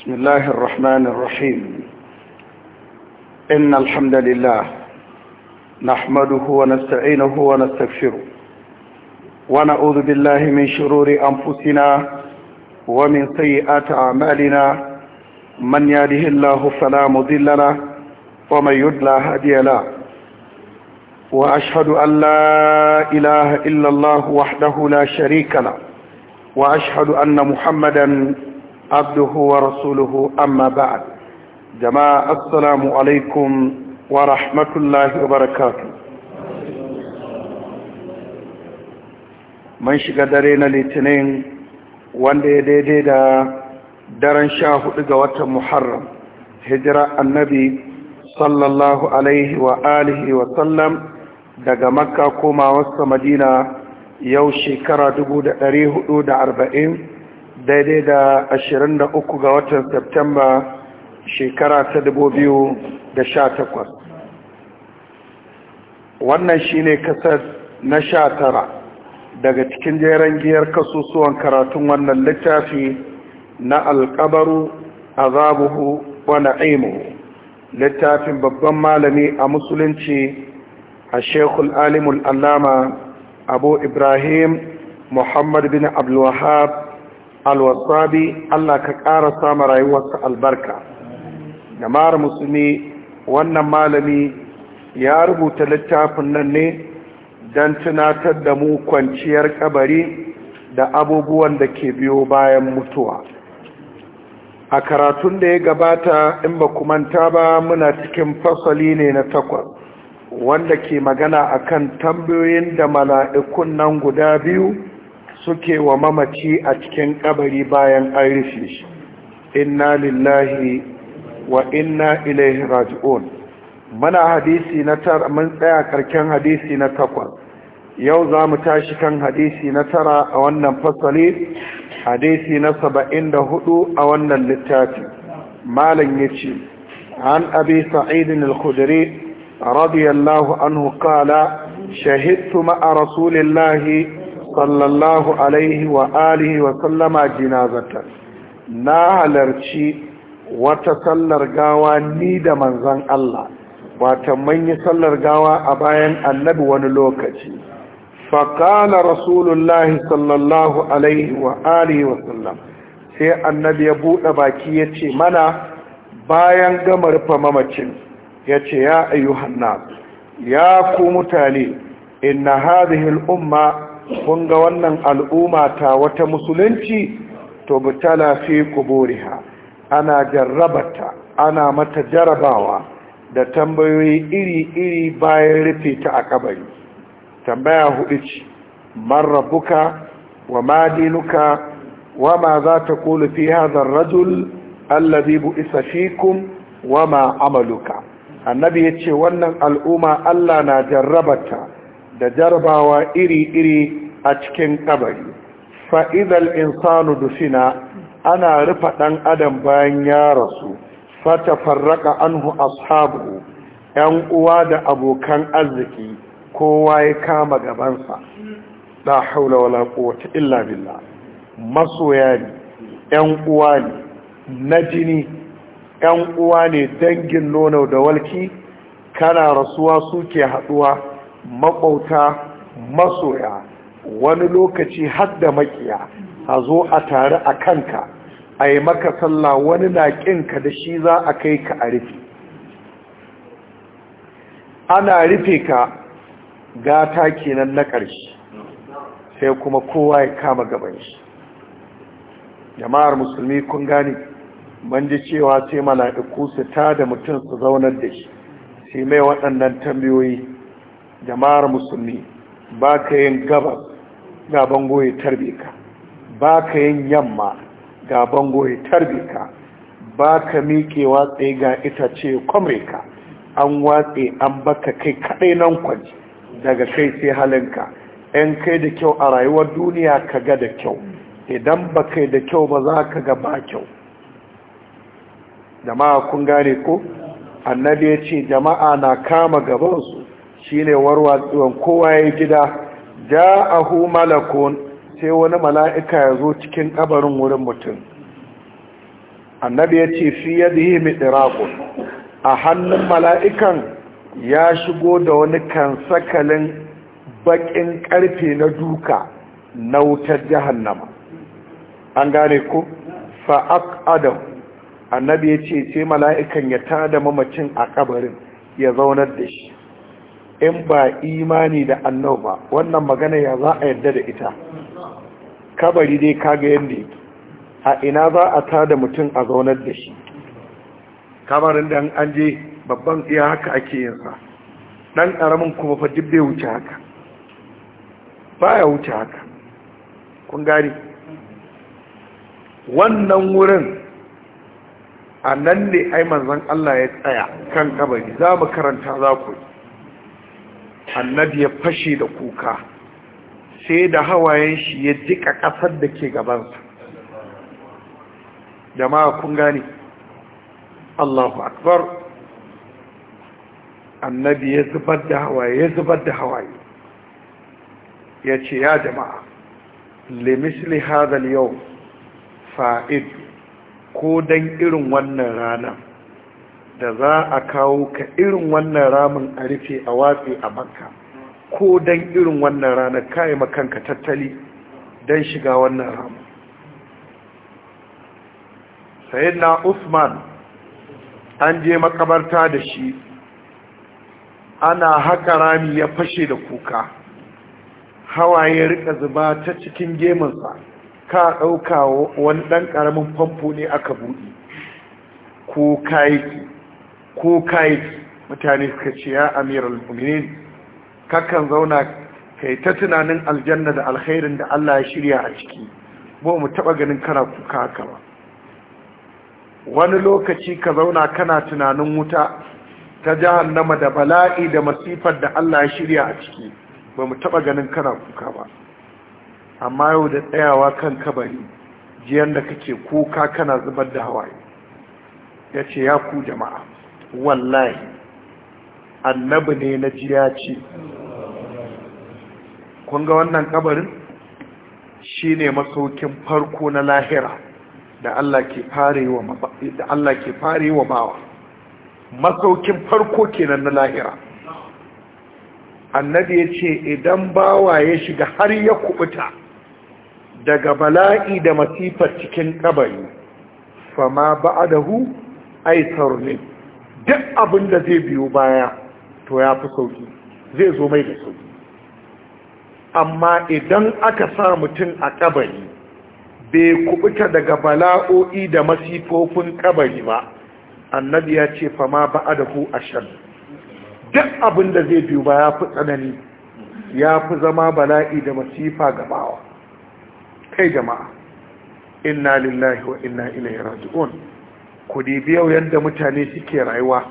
بسم الله الرحمن الرحيم إن الحمد لله نحمده ونستعينه ونستغفره ونعوذ بالله من شرور أنفسنا ومن سيئات أعمالنا من يهده الله فلا مضل له ومن يدلى هادي له وأشهد أن لا إله إلا الله وحده لا شريك له وأشهد أن محمدا عبده ورسوله أما بعد جماعة السلام عليكم ورحمة الله وبركاته من شقدرين الاثنين wanda ya daidai da daren sha hudu ga watan muharram hijira annabi sallallahu alaihi wa alihi wa sallam daga makka komawarsa madina yau shekara dubu da hudu da arba'in daidai da 23 ga watan Septemba shekara ta 2018 wannan shi ne kasar na sha tara daga cikin jeren giyar kasusuwan karatun wannan littafi na alkabaru azabuhu wani aimu littafin babban malami a musulunci a shekul alimul allama abu ibrahim muhammad bin abdulwahab alwasabi Allah ka ƙara sama rayuwarsa albarka jama'ar musulmi wannan malami ya rubuta littafin nan ne don tunatar da mu kwanciyar kabari da abubuwan da ke biyo bayan mutuwa a karatun da ya gabata in ba manta ba muna cikin fasali ne na takwas wanda ke magana akan tambayoyin da mala'ikun nan guda biyu suke wa mamaci a cikin kabari bayan an shi inna lillahi wa inna ilaihi raji'un mana hadisi na tara mun tsaya karken hadisi na takwas yau za mu tashi kan hadisi na tara a wannan fasali hadisi na saba'in da hudu a wannan littafi malam ya ce an abi sa'idin al-khudri radiyallahu anhu kala shahidtu ma'a rasulillahi sallallahu alaihi wa alihi wa sallama jinazatar na halarci wata sallar gawa ni da manzan Allah wata manyi sallar gawa a bayan annabi wani lokaci faƙala rasulullahi sallallahu alaihi wa alihi wa sallam sai annabi ya buɗe baki ya ce mana bayan gama rufe mamacin ya ce ya ayyuhan ya ku mutane inna hadhihi al-umma kun ga wannan al'umma ta wata musulunci to butala fi kuburiha ana jarrabata ana mata jarabawa da tambayoyi iri-iri bayan rufe ta a kabari tambaya hudu ce man rabbuka wa ma dinuka wa ma za ta kulu fi rajul allazi bu'isa fikum wa ma amaluka annabi ya ce wannan al'umma Allah na jarrabata da jarabawa iri-iri a cikin kabari Fa'izal insanu dufina ana rufa ɗan adam bayan ya rasu fata farraka anhu ashabu ‘yan uwa da abokan arziki kowa ya kama gabansa la haula wala kowace illa billa. masoya ne ‘yan uwa ne na jini ‘yan uwa ne dangin nono da walki kana rasuwa suke haɗuwa Maƙwabta masoya wani lokaci har da makiya a zo a tare a kanka a yi maka sallah wani na ƙinka da shi za a kai ka a rufe ana rufe ka gata kenan na ƙarshe sai kuma kowa ya kama gaban shi jama'ar musulmi kun gane ban ji cewa sai mala'iku su ta da mutum su zaunar da shi sai mai waɗannan tambayoyi jama'ar musulmi ba ka yin gabas ga bango ya tarbe ka ba ka yin yamma ga bango ya tarbe ka ba ka miƙewa watsa ga itace kwamre ka an watse an baka kai kaɗai nan kwanci daga kai sai halinka ‘yan kai da kyau a rayuwar duniya ka ga da kyau idan ba kai da kyau ba za ka ga ba kyau jama'a kun gane ko annabi ya ce jama'a na kama gabansu shine warwatsuwan kowa ya gida hu malakun sai wani mala'ika ya zo cikin ƙabarin wurin mutum annabi ya ce fi mai midraqun a hannun mala'ikan ya shigo da wani kan sakalin baƙin karfe na duka na wutar jahannama an gane ko adam annabi ya ce sai mala'ikan ya tada mamacin a ƙabarin, ya zaunar da shi in ba imani da annau ba wannan magana ya za a yadda da ita kabari dai kaga yadda yake a ina za a tada mutum a zaunar da shi kamarin da an je babban iya haka ake sa. ɗan ƙaramin kuma fa duk bai wuce haka Ba ya wuce haka kun gari wannan wurin a nan ne ai zan Allah ya tsaya kan kabari za mu karanta za ku yi annabi ya fashe da kuka sai da hawayen shi ya jika ƙasar da ke gabansa jama'a kun gane Allahu akbar annabi ya zubar da hawaye ya zubar da hawaye ya ce ya jama'a limisli hadal yau fa'id ko don irin wannan ranar da za a kawo ka irin wannan ramin a rufe a watsi a banka, ko don irin wannan ranar kayi makanka tattali don shiga wannan ramin sayin na usman an je makabarta da shi ana haka rami ya fashe da kuka hawaye rika zuba ta cikin gemunsa ka ɗauka wani ɗan ƙaramin famfo ne aka buɗe ko kayaki ko kai mutane suka ce ya al mu'minin kakan zauna kai ta tunanin aljanna da alkhairin da Allah ya shirya a ciki ba mu taba ganin kana kuka haka ba wani lokaci ka zauna kana tunanin wuta ta jahannama da bala'i da masifar da Allah ya shirya a ciki ba mu taba ganin kana kuka ba amma yau da tsayawa kan kabari jiyan da kake kuka kana zubar da hawaye ya ce ya ku jama'a wallahi annabi ne na jiya ce kun ga wannan kabarin shi ne masaukin farko na lahira da Allah ke fare wa bawa masaukin farko kenan na lahira annabi ya ce idan bawa ya shiga har ya kubuta daga bala'i da masifar cikin kabari fama ba'adahu aisar ne duk abin da zai biyo baya to ya fi sauki zai zo mai da sauki amma idan aka sa mutum a kabari bai kubuta daga bala'o'i da masifofin kabari ba annabi ya ce fama ba'a da ku shan duk abin da zai biyo baya fi tsanani ya fi zama bala'i da masifa gabawa kai jama'a inna lillahi wa inna ilaihi raji'un ku yau yadda mutane suke rayuwa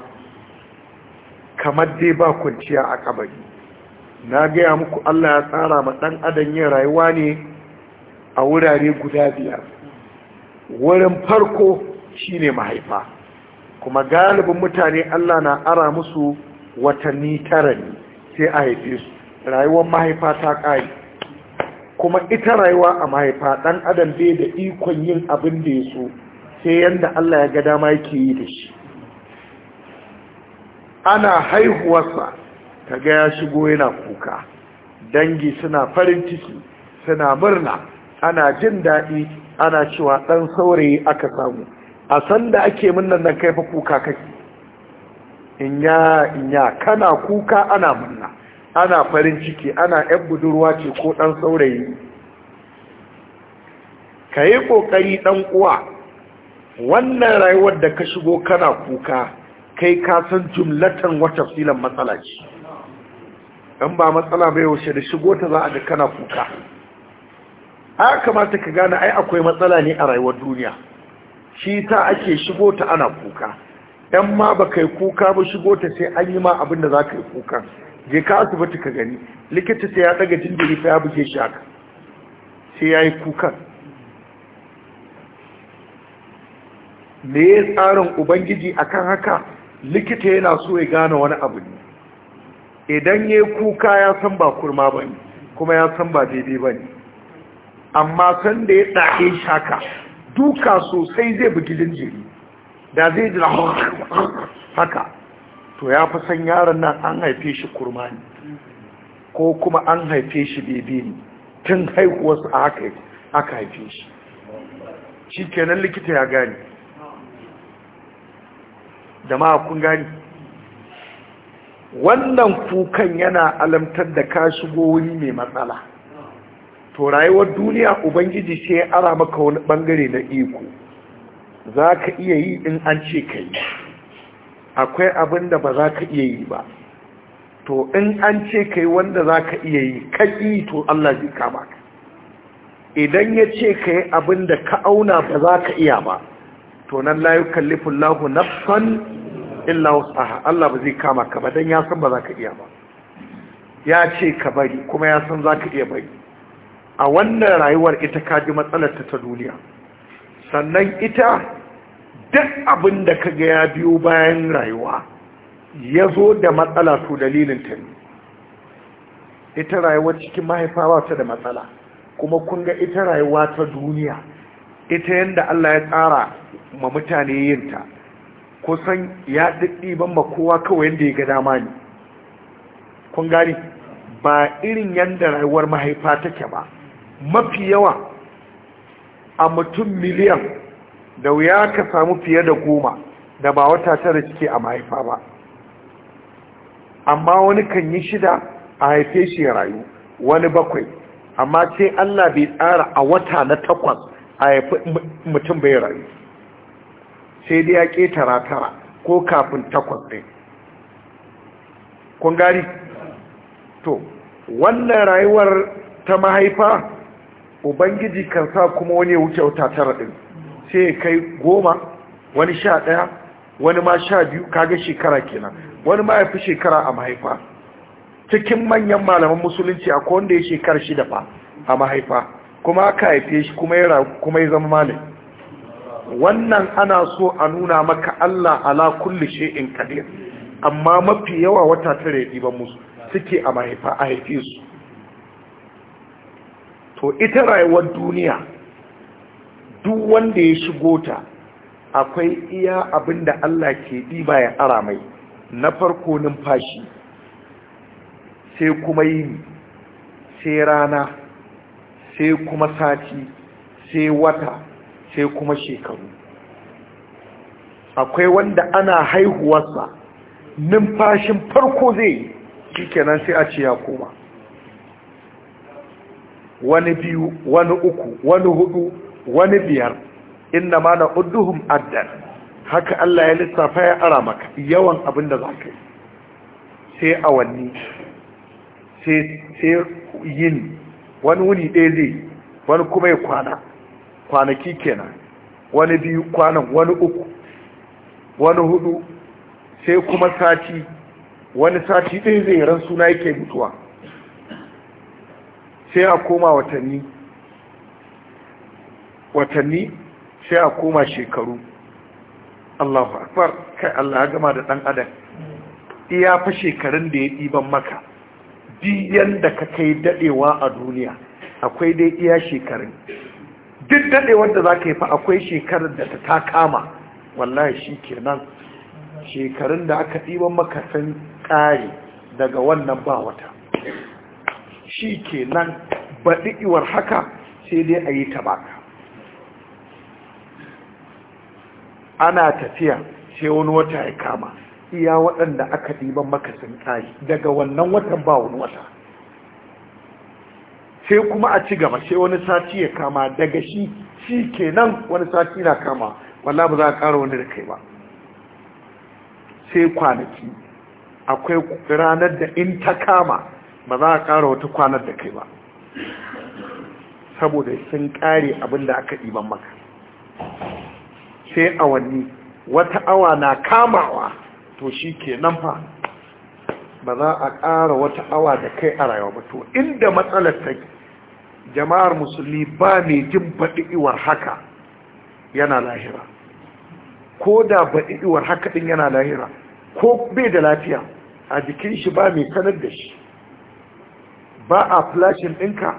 kamar dai ba kwanciya a kabari na gaya muku allah ya tsara ma ɗan adam yin rayuwa ne a wurare guda biyar wurin farko shine mahaifa kuma galibin mutane allah na ara musu watanni tara ne sai a haife su rayuwar mahaifa ta ƙari kuma ita rayuwa a mahaifa ɗan adam bai da ikon yin abin da ya so sai yadda Allah ya ga dama yake yi da shi ana haihuwarsa ta ga ya shigo yana kuka dangi suna farin ciki suna murna ana jin daɗi ana cewa ɗan saurayi aka samu a sanda ake murnan nan kai fa kuka kake inya inya kana kuka ana murna ana farin ciki ana ɗan budurwa ce ko ɗan saurayi ka yi ƙoƙari ɗan uwa wannan rayuwar da ka shigo kana kuka kai ka san jumlatan wata filan matsala ce in ba matsala bai yaushe da shigo ta za a ga kana kuka a kamata ka gane ai akwai matsala ne a rayuwar duniya shi ta ake shigo ta ana kuka yan ma ba kai kuka ba shigo ta sai an yi ma abin da za ka yi kuka je ka asibiti ka gani likita sai ya daga jinjiri ta ya buge shi haka sai ya yi kukan me ya tsarin ubangiji akan haka likita yana so ya gane wani abu ne idan ya kuka ya san ba kurma ba ne kuma ya san ba daidai ba ne amma san da ya ɗaɗe shaka duka sosai zai bugi jinjiri da zai jira haka to ya fi san yaron nan an haife shi kurma ne ko kuma an haife shi bebe ne tun haihuwarsu a haka aka haife shi shi kenan likita ya gane jama'a kun gani wannan kukan yana alamtar da ka shigo wuri mai matsala to rayuwar duniya ubangiji ce ya ara maka wani bangare na iko za ka iya yi in an ce ka yi akwai abin da ba za ka iya yi ba to in an ce ka yi wanda za ka iya yi ka yi to allah zai kama ka idan ya ce ka yi abin da ka auna ba za ka iya ba Tonan nan la yukallifu Allahu nafsan illa wusaha Allah ba zai kama ka ba dan ya san ba za ka iya ba ya ce ka bari kuma ya san za ka iya bari a wannan rayuwar ita ka ji matsalar ta duniya sannan ita duk abin da ka ga ya biyo bayan rayuwa ya zo da matsala su dalilin ta ita rayuwar cikin mahaifa ba ta da matsala kuma kun ga ita rayuwa ta duniya ita yadda Allah ya tsara ma mutane yinta kusan ya ban ma kowa kawai yadda ya ga dama ne kun gani ba irin yadda rayuwar mahaifa take ba mafi yawa a mutum miliyan da wuya ka samu fiye da goma da ba wata tara cike a mahaifa ba amma wani kan yi shida a haife shi ya rayu wani bakwai amma sai Allah bai tsara a wata na takwas a haifi mutum bai rayu sai dai ya ƙetara tara ko kafin takwas ɗin kun gari to wannan rayuwar ta mahaifa ubangiji kan sa kuma wani ya wuce wuta tara ɗin sai ya kai goma wani sha ɗaya wani ma sha biyu kaga shekara kenan wani ma ya fi shekara a mahaifa cikin manyan malaman musulunci a wanda ya shekar shida fa a mahaifa kuma ka haife shi kuma ya zama malami wannan ana so a nuna maka Allah ala kulli shay'in kadir. amma mafi yawa wata tare ban musu suke a mahaifa a haife su to ita rayuwar duniya duk wanda ya shigo ta akwai iya abinda Allah ke diba ya ara mai na farko numfashi sai kuma yini sai rana sai kuma sati sai wata sai kuma shekaru akwai wanda ana haihuwarsa numfashin farko zai yi shikenan sai a ce ya koma wani biyu wani uku wani hudu wani biyar inna ma udduhum addan haka Allah ya lissafa ya ara maka yawan abin da za ka yi sai awanni sai yin wani wuni ɗaya zai wani kuma ya kwana kwanaki kenan wani biyu kwanan wani uku wani hudu sai kuma sati wani sati ɗaya zai ran suna yake mutuwa sai a koma watanni watanni sai a koma shekaru Allahu akbar kai Allah ya gama da ɗan adam iya fa shekarun da ya ɗiban maka diyan da ka kai dadewa a duniya akwai dai iya shekarun duk dadewar da za yi fa akwai shekarun da ta kama wallahi shi kenan shekarun da aka ɗiban maka sun ƙare daga wannan ba wata shi kenan baɗi iwar haka sai dai a yi ta baka ana tafiya sai wani wata ya kama iya waɗanda aka ɗiban maka sun tsari daga wannan watan ba wani wata sai kuma a ci gaba sai wani sati ya kama daga shi shi kenan wani sati na kama wala ba za a ƙara wani da kai ba sai kwanaki akwai ranar da in ta kama ba za a ƙara wata kwanar da kai ba saboda sun ƙare abin da aka ɗiban maka sai awanni wata awa na kamawa to shi ke nan fa ba za a ƙara wata awa da kai a rayuwa ba to inda matsalar ta jama'ar musulmi ba mai jin baɗi'iwar haka yana lahira ko da baɗi'iwar haka ɗin yana lahira ko bai da lafiya a jikin shi ba mai sanar da shi ba a flashin ɗinka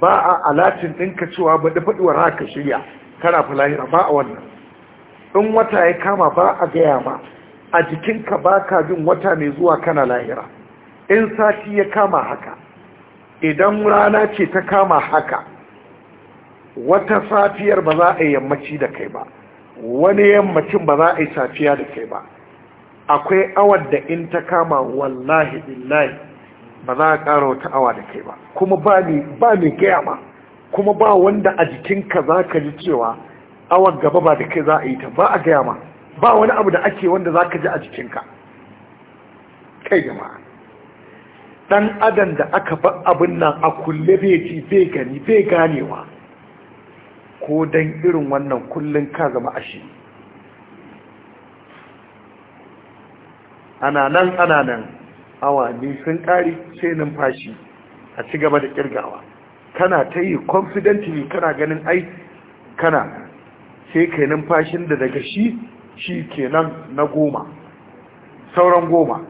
ba a alatin ɗinka cewa ba da faɗiwar haka shirya kana fi lahira ba a wannan in wata ya kama ba a gaya ma a jikinka ba ka jin wata mai zuwa kana lahira in sati ya kama haka idan rana ce ta kama haka wata safiyar ba za a yi yammaci da kai ba wani yammacin ba za a yi safiya da kai ba akwai awar da in ta kama wallahi billahi ba za a ƙara wata awa da kai ba kuma ba mai gaya ma kuma ba wanda a jikinka za ka ji cewa awar gaba ba da kai za a yi ta ba a gaya ma ba wani abu da ake wanda za ka ji a jikinka kai jama'a dan adam da aka ba abin nan a kulle bai ji bai gani bai ganewa ko don irin wannan kullun ka zama shi? ana nan ana nan awanni sun ƙari sai numfashi a ci gaba da ƙirgawa kana ta yi confidently kana ganin ai kana sai kai numfashin da daga shi shi kenan na goma sauran goma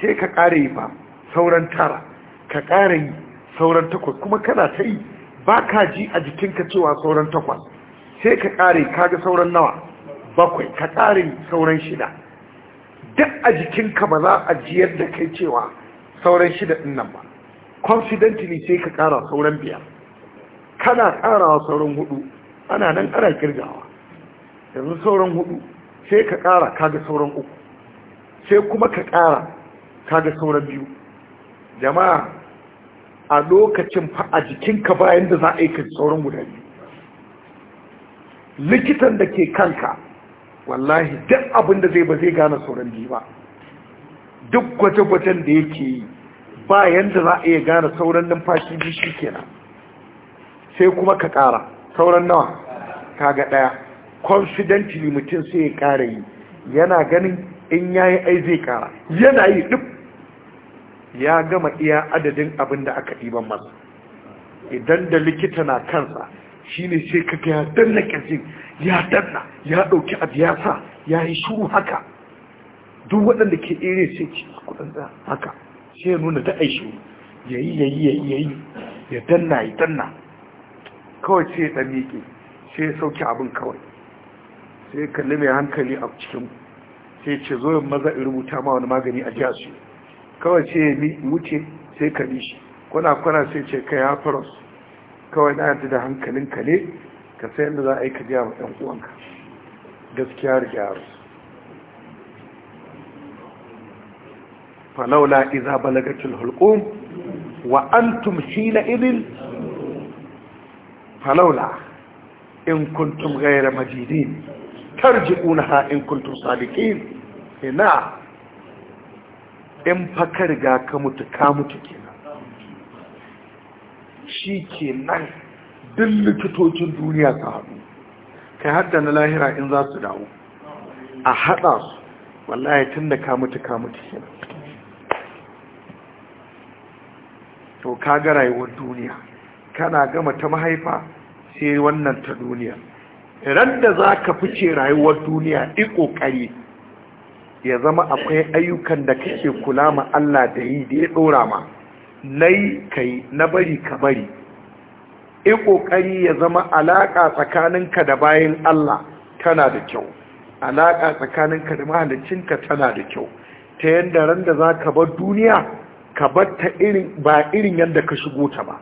sai ka ƙara yi ba sauran tara ka ƙara yi sauran takwas kuma kana ta yi ba ka ji a jikinka cewa sauran takwas sai ka ƙare kaga sauran nawa bakwai ka ƙare sauran shida duk a jikinka ba za a jiyar da kai cewa sauran shida ɗin nan ba confidently sai ka ƙara sauran biyar kana ƙarawa sauran hudu ana nan ƙara kirgawa yanzu sauran hudu sai ka ƙara kaga sauran uku sai kuma ka ƙara kaga sauran biyu jama'a a lokacin fa a jikinka bayan da za a yi ka sauran guda biyu likitan da ke kanka wallahi duk abin da zai ba zai gane sauran biyu ba duk gwaje-gwajen da yake yi bayan da za a iya gane sauran numfashi biyu shi kenan sai kuma ka kara sauran nawa kaga ɗaya confidently mutum sai ya kara yi yana ganin in ya yi ai zai kara yana yi duk ya gama iya adadin abin da aka ɗiban masa idan da likita na kansa shi ne sai kaga ya danna kazin ya danna ya ɗauki abu ya sa ya yi shuru haka duk waɗanda ke ere sai ce kudin da haka sai ya nuna ta aishi ya yi ya yi ya yi ya yi ya danna ya danna kawai sai ya ɗan miƙe sai ya sauke abin kawai sai kalli mai hankali a cikin sai ce zo maza in rubuta ma wani magani a jiya su kawai ce mi wuce sai ka bi shi Kuna-kuna sai ce kai hafaros kawai na yadda da hankalin ka ne ka sai yadda za a yi ka jiya ma ɗan uwanka gaskiya rike yaro falaula iza balagatul hulqum wa antum hina idin falaula in kuntum ghayra majidin tarji'unaha in kuntum sadiqin ina in fa ka riga ka mutu ka mutu kenan shi kenan duk likitocin duniya ka haɗu kai hadda na lahira in za su dawo a haɗa su wallahi tun da ka mutu ka mutu kenan to ka ga rayuwar duniya kana gama ta mahaifa sai wannan ta duniya randa za ka fice rayuwar duniya ɗi ƙoƙari ya zama akwai ayyukan da kake kula ma Allah da yi da ya ɗora ma na yi ka yi na bari ka bari ɗi ƙoƙari ya zama alaƙa tsakaninka da bayan Allah tana da kyau alaƙa tsakaninka da mahalicinka tana da kyau ta yadda randa za ka bar duniya ka bar ta ba irin yadda ka shigo ta ba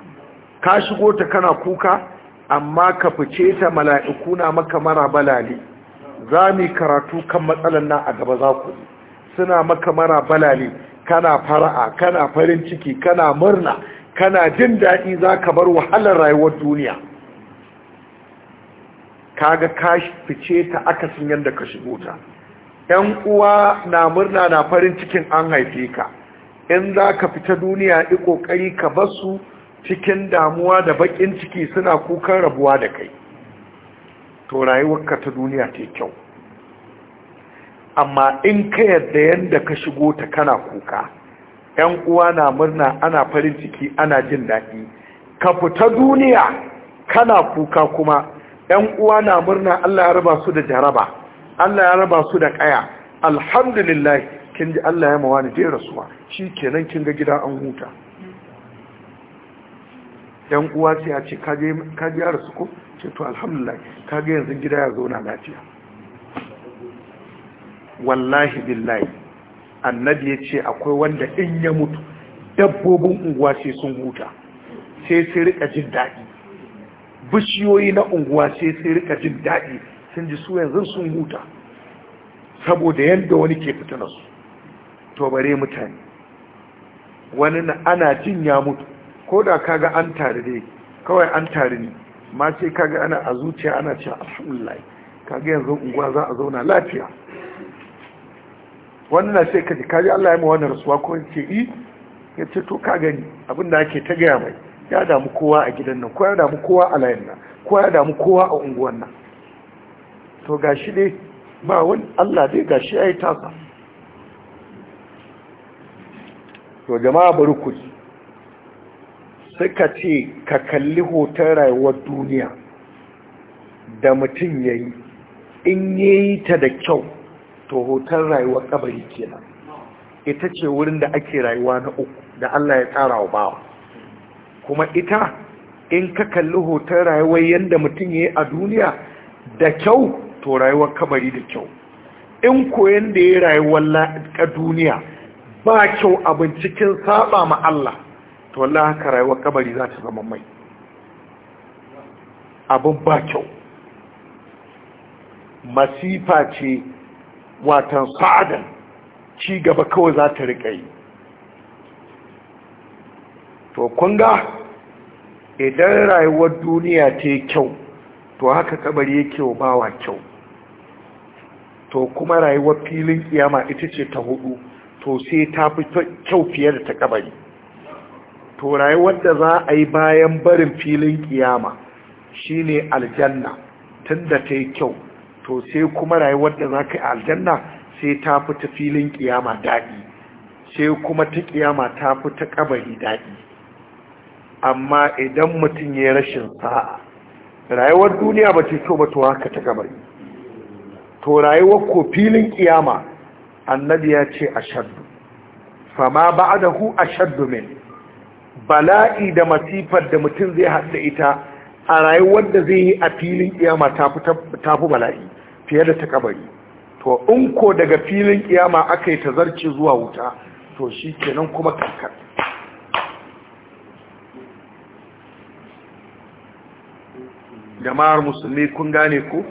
ka shigo ta kana kuka amma ka fice ta mala'iku na maka mara balali za mu karatu kan matsalan na a gaba za ku suna maka mara balali kana fara'a kana farin ciki kana murna kana jin daɗi za ka bar wahalar rayuwar duniya kaga ka fice ta akasin yadda ka shigo ta ‘yan uwa na murna na farin cikin an haife ka in za ka fita duniya ɗi ƙoƙari ka basu cikin damuwa da bakin ciki suna kukan rabuwa da kai to rayuwarka ta duniya ta kyau amma in ka yadda yadda ka shigo ta kana kuka ‘yan uwa na murna ana farin ciki ana jin daɗi ka fita duniya kana kuka kuma ‘yan uwa na murna Allah ya raba su da jaraba Allah ya raba su da kaya alhamdulillah kin ji Allah ya mawa ni je rasuwa shi kenan kin ga gida an huta yan uwa ce a ce kaji yara su ko ce to alhamdulillah kaga yanzu gida ya na lafiya wallahi billahi annabi ya ce akwai wanda in ya mutu dabbobin unguwa sai sun huta sai sai rika jin daɗi bishiyoyi na unguwa sai sai rika jin daɗi sun ji su yanzu sun huta saboda yadda wani ke fitina su to bare mutane wani na ana jin ya mutu ko da kaga an tare dai kawai an tare ne ma ce kaga ana a zuciya ana cewa alhamdulillah kaga yanzu unguwa za a zauna lafiya wannan na sai kaji kaji Allah ya mu wannan rasuwa ko ce i eh? ya ce to ka gani abin da ake ta gaya mai ya damu kowa a gidan nan ko ya damu kowa a layin nan ko ya damu kowa a unguwan nan to gashi dai ba wani Allah dai gashi ya yi tasa to jama'a bari ku suka ce ka kalli hoton rayuwar duniya da mutum ya yi in ya yi ta da kyau to hoton rayuwar kabari kenan ita ce wurin da ake rayuwa na uku da Allah ya tsara wa bawa kuma ita in ka kalli hoton rayuwar yadda mutum ya yi a duniya da kyau to rayuwar kabari da kyau in koyon da ya yi rayuwar duniya ba kyau abin cikin saba ma Allah to Allah haka rayuwar kabari za ta zama mai abin ba kyau masifa ce watan sa'adan ci gaba kawai za ta riƙa yi to kunga idan rayuwar duniya ta yi kyau to haka kabari yake wa bawa kyau to kuma rayuwar filin kiyama ita ce ta hudu to sai ta fi kyau fiye da ta kabari to rayuwar da za a yi bayan barin filin kiyama ne aljanna tun da ta yi kyau to sai kuma rayuwar da za ka yi aljanna sai ta fita ta filin kiyama daɗi sai kuma ta kiyama ta fita ta daɗi amma idan mutum ya rashin sa'a rayuwar duniya ba ce kyau ba to haka ta ƙabari. to rayuwar ko filin kiyama annabi ya ce shaddu fama ba a shaddu mai bala'i da masifar da mutum zai haɗa ita a rayuwar da zai yi a filin kiyama ta fi bala'i fiye da ta kabari to in ko daga filin kiyama aka yi ta zarce zuwa wuta to shi kenan kuma kankan jama'ar musulmi kun gane ku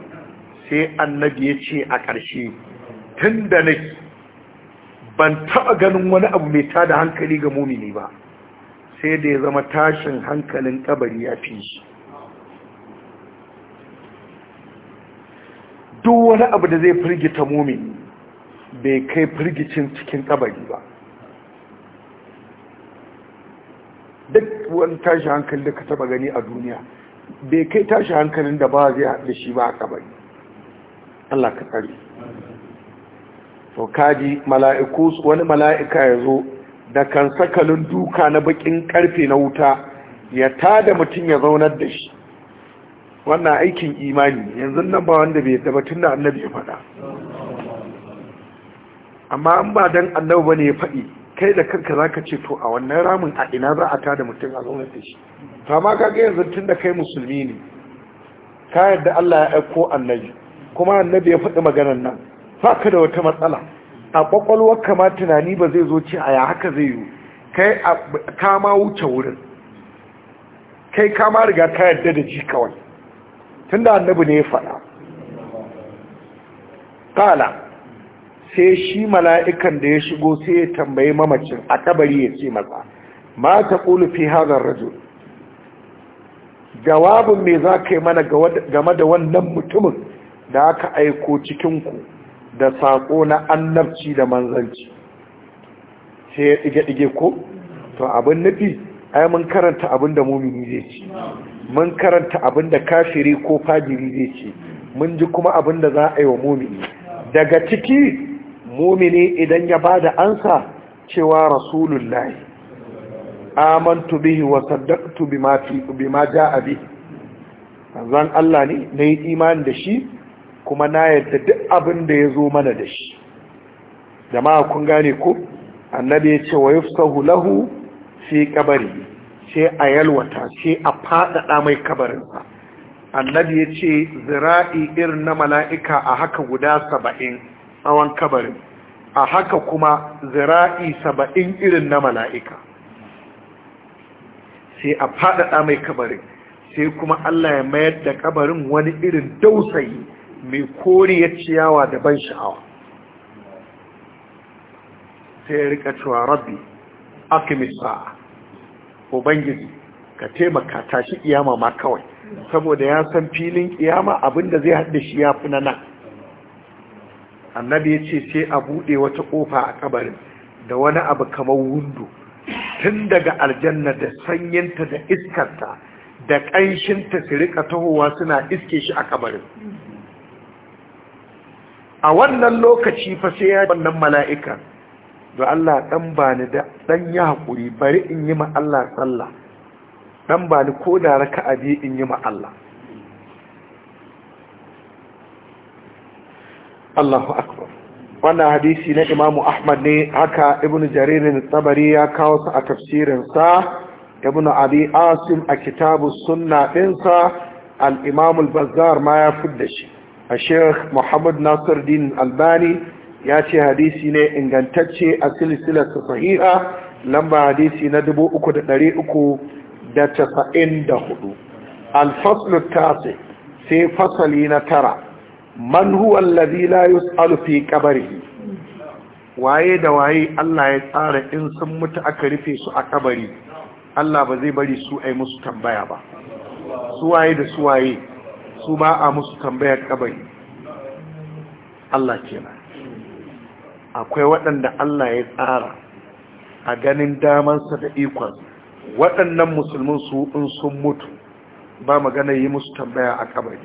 sai annabi ya ce a ƙarshe tun da ban taɓa ganin wani abu mai da hankali ga mumini ba sai da ya zama tashin hankalin kabari ya fi shi duk wani abu da zai firgita mumin bai kai firgicin cikin kabari ba duk wani tashi hankali da ka taba gani a duniya bai kai tashi hankalin da ba zai haɗe shi ba a kabari Allah ka tsari to kaji mala'iku wani mala'ika ya zo da kan sakalin duka na bakin karfe na wuta ya tada mutum ya zaunar da shi wannan aikin imani yanzu nan ba wanda bai yadda batun da annabi ya faɗa amma an ba dan annabi bane ya faɗi kai da kanka zaka ce to a wannan ramin a ina za a tada mutum a zaunar da shi to amma kaga yanzu tun da kai musulmi ne ka yadda Allah ya aiko annabi kuma annabi ya faɗi maganar nan ba ka da wata matsala a ƙwaƙwalwar kama tunani ba zai zo ce a ya haka zai yi kai kama wuce wurin kai kama riga ta yadda da ji kawai tun da annabi ne ya faɗa Kala, sai shi mala'ikan da ya shigo sai ya tambayi mamacin a kabari ya ce maza ma ta fi hazar rajo. jawabin me za ka yi mana game da wannan mutumin da aka aiko cikinku da sako na annabci da manzanci sai ya ɗige-ɗige ko to abin nufi ai mun karanta abin da mumini zai ci mun karanta abin da kafiri ko fajiri zai ci mun ji kuma abin da za a yi wa mumini daga ciki mumini idan ya ba da ansa cewa rasulullahi amantu bihi wa saddaqtu bima fi bima jaa zan Allah ne nayi imani da shi kuma na yadda duk abin da ya zo mana da shi jama'a kun gane ko annabi ya ce wa yufsahu lahu fi kabari sai a yalwata sai a faɗaɗa mai kabarinsa annabi ya ce zira'i irin na mala'ika a haka guda saba'in tsawon kabarin a haka kuma zira'i saba'in irin na mala'ika sai a faɗaɗa mai kabarin sai kuma Allah ya mayar da kabarin wani irin dausayi mai koriyar ciyawa da ban sha'awa sai ya rika cewa rabbi akimisa ubangiji ka taimaka tashi kiyama ma kawai saboda ya san filin kiyama abinda zai haɗe shi ya fi nan annabi ya ce sai a buɗe wata ƙofa a kabarin da wani abu kamar wundu tun daga aljanna da sanyinta da iskarta da ƙanshinta su rika tahowa suna iske shi a kabarin a wannan lokaci fa sai ya wannan mala'ika da Allah dan ba ni da dan ya hakuri bari in yi ma Allah sallah dan ba ni ko da raka'a bi in yi ma Allah Allahu akbar wannan hadisi na Imam Ahmad ne haka Ibn Jarir al-Tabari ya kawo sa a tafsirin sa Ibn Abi Asim a kitabus sunna din sa al-Imam al-Bazzar ma ya fudda shi a sheikh muhammad nasir din albani ya ce hadisi ne ingantacce a su sahiha lamba hadisi na 3,394 alfaslu tasi sai fasali na tara man huwa allazi la yus'alu fi waye da waye Allah ya tsara in sun mutu aka rufe su a kabari Allah ba zai bari su yi musu tambaya ba suwaye da suwaye su ba a musu tambayar kabari Allah kenan akwai waɗanda Allah ya tsara a ganin damansa da ikon waɗannan musulmin su in sun mutu ba magana yi musu tambaya a kabari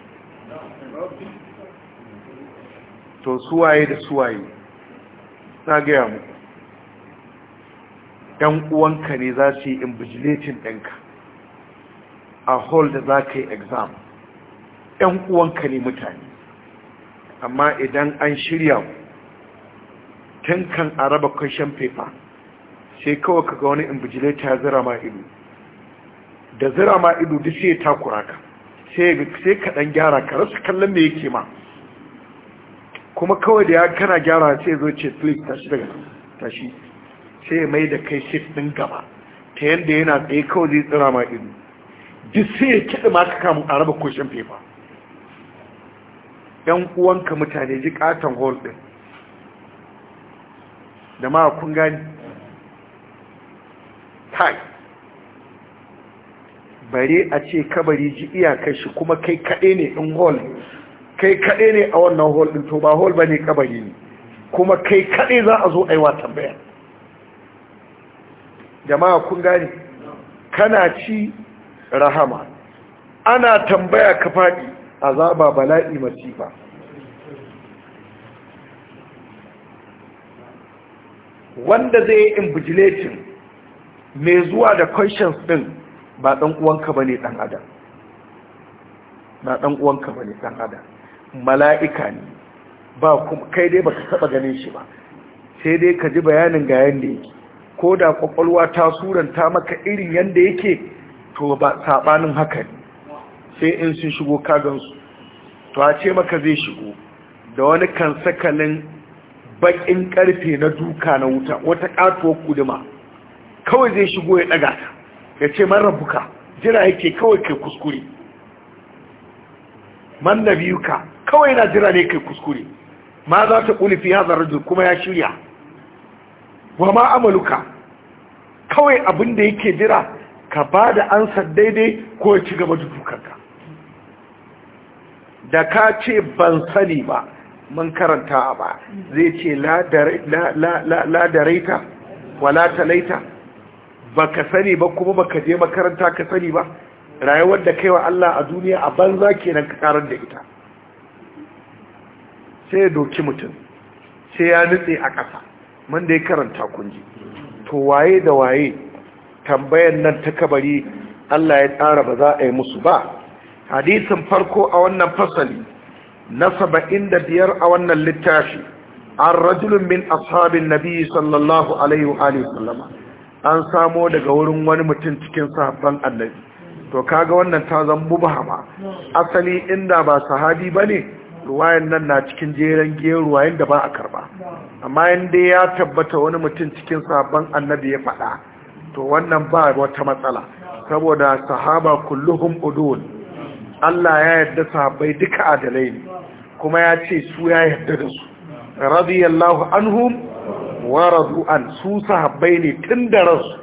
to suwaye da suwaye ta gaya muku ɗan uwanka ne za su yi bijiletin ɗinka a hall da za ka yi exam 'yan uwanka ne mutane amma idan an shirya tun kan a raba kwashen fefa sai kawai kaga wani invigilator ya zira ma ido da zira ma ido duk sai ya takura ka sai ka dan gyara ka rasu kallon me yake ma kuma kawai da ya kana gyara sai zo ce flip tashi daga tashi sai ya mai da kai sit din gaba ta yadda yana tsaye kawai zai tsira ma ido duk sai ya kiɗi ma ka kamu a raba kwashen fefa yan uwanka mutane ji katon hall din da ma kun gani tai bare a ce kabari ji iyakar shi kuma kai kaɗe ne in hall kai kaɗe ne a wannan hall din to ba hall ba ne kabari ne kuma kai kaɗe za a zo aiwa tambaya jama'a kun gani kana ci rahama ana tambaya ka faɗi azaba bala'i masifa wanda zai yi invigilatin, mai zuwa da conscience din ba dan uwanka bane dan adam ba dan mala'ika ne ba kuma kai dai baka saba ganin shi ba sai dai ka ji bayanin ga yanda yake ko da kwakwalwa ta suranta maka irin yanda yake to ba sabanin haka ne sai in sun shigo kagansu to a ce maka zai shigo da wani kansakalin bakin karfe na duka na wuta wata katuwar kuduma kawai zai shigo ya daga ta ya ce man rabuka jira yake kawai kai kuskure man nabiyuka kawai yana jira ne kai kuskure ma za ta kuli fi hazar rajul kuma ya shirya wa ma amaluka kawai abinda yake jira ka ba da ansa daidai ko ya ci gaba da dukanka da ka ce ban sani ba mun karanta ba zai ce la da daraita wala talaita ka sani ba kuma ba ka je makaranta ka sani ba rayuwar da wa Allah a duniya a banza kenan ka karar da ita sai ya doki mutum sai ya nutse a ƙasa man da ya karanta kunji to waye da waye tambayan nan ta kabari Allah ya tsara ba za a yi musu ba hadisin farko a wannan fasali na saba'in da biyar a wannan littafi an rajulun min ashabin nabi sallallahu alaihi wa sallama an samo daga wurin wani mutum cikin sahabban annabi to kaga wannan ta zan bahama asali inda ba sahabi ba ne, ruwayan nan na cikin jeren gero ruwayan da ba a karba amma inda ya tabbata wani mutum cikin sahabban annabi ya faɗa to wannan ba wata matsala saboda sahaba kulluhum udul Allah ya yarda sahabbai duka adalai ne kuma ya ce su ya yadda da su radiyallahu anhum wa radu su sahabbai ne tun da ransu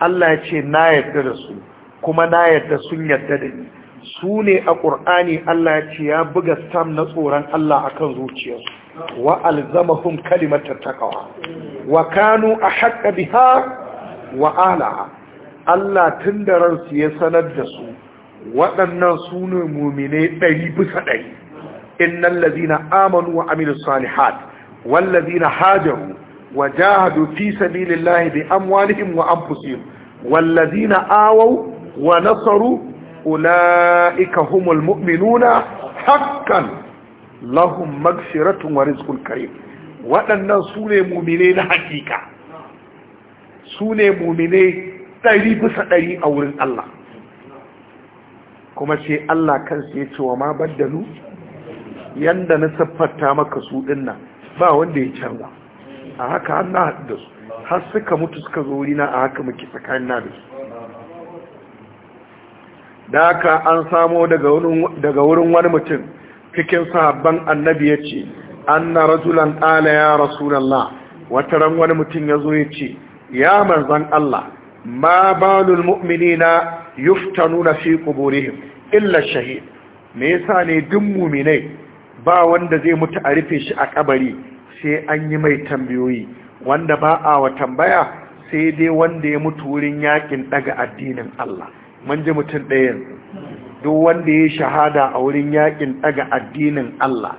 Allah ya ce na yadda da su kuma na yarda sun yadda da ni su ne a ƙur'ani Allah ya ce ya buga sam na tsoron Allah akan zuciyarsu wa alzamahum kalimatar takawa wa kanu a haƙa biha wa Allah tun da ya sanar da su waɗannan su ne ɗari bisa ɗari innan lazina amanu wa aminu salihat wallazina hajaru wa jahadu fi sabilillahi da amwalihim wa anfusihim wallazina awau wa nasaru ulaika humul mu'minuna lahu lahum magfiratun wa rizqun karim waɗannan su ne na hakika su ne ɗari bisa ɗari a wurin Allah kuma ce Allah kansa ya ce wa ma baddalu yanda na siffarta maka su dinnan ba wanda ya canza a haka har na haɗu da su har suka mutu suka zo wurina a haka muke tsakanin na da su da haka an samo daga wurin wani mutum cikin sahabban annabi ya ce an na rajulan ƙala ya rasulallah wata ran wani mutum ya zo ya ce ya manzan Allah ma balul mu'mini na na fi kuburihim illa shahid me yasa ne duk mu'minai ba wanda zai mutu a rufe shi a kabari sai an yi mai tambayoyi wanda ba a wa tambaya sai dai wanda ya mutu wurin yakin daga addinin Allah mun ji mutum ɗaya duk wanda ya shahada a wurin yakin daga addinin Allah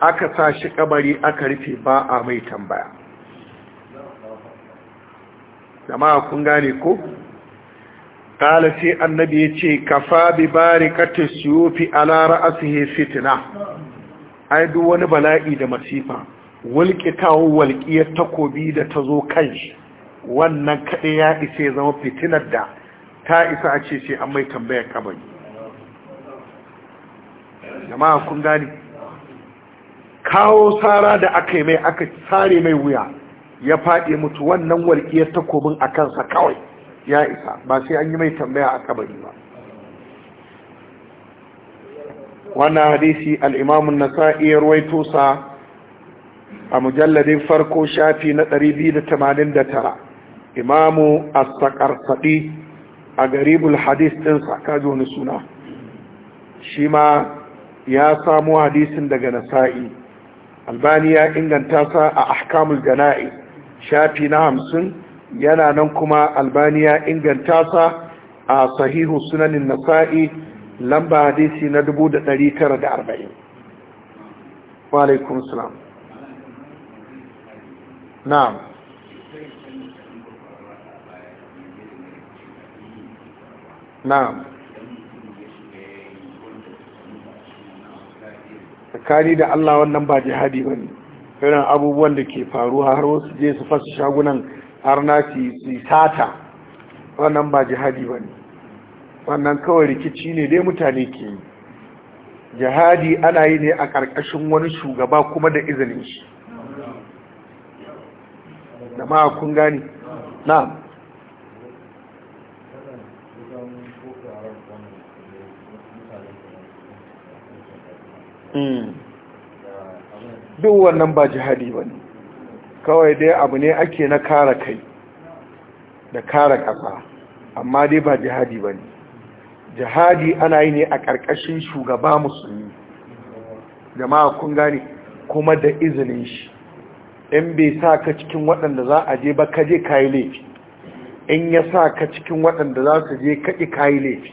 aka sa shi kabari aka rufe ba a mai tambaya jama'a kun gane ko ƙala sai annabi ya ce kafa bi bari katin siyufi ala ra'asihi fitina ai duk wani bala'i da masifa walƙi kawo walƙiyar takobi da ta zo kan shi wannan kaɗai ya isa ya zama fitinar da ta isa a ce sai an mai tambayar kabari jama'a kun gani kawo tsara da aka yi mai aka sare mai wuya ya faɗi mutu wannan walƙiyar takobin a kansa kawai ya isa ba sai an yi mai tambaya a kabari ba wannan hadisi al'imamun nasa'i ya ruwaito sa a mujalladin farko shafi na 289 imamu as a garibul hadis ɗin kaji wani suna shi ma ya samu hadisin daga nasa'i albani ya inganta sa a ahkamul gana'i shafi na hamsin yana nan kuma albaniya inganta sa a sahihu sunanin nasa'i lamba hadisi na 1940 walaikun salam na'am na'am tsakani da Allah wannan ba jihadi ba ne irin abubuwan da ke faruwa har wasu je su fasa shagunan arna su sata wannan ba jihadi ba ne wannan kawai rikici ne dai mutane ke yi jihadi ana yi ne a ƙarƙashin wani shugaba kuma da izinin shi da ma kun gani na hmm. duk wannan ba jihadi ba ne kawai dai abu ne ake na kara kai da kara kafa amma dai ba jihadi ba ne jihadi ana yi ne a ƙarƙashin shugaba musulmi jama'a kun gane kuma da izinin shi in bai sa ka cikin waɗanda za a je ba ka je kayi laifi in ya sa ka cikin waɗanda za su je kaɗi kayi laifi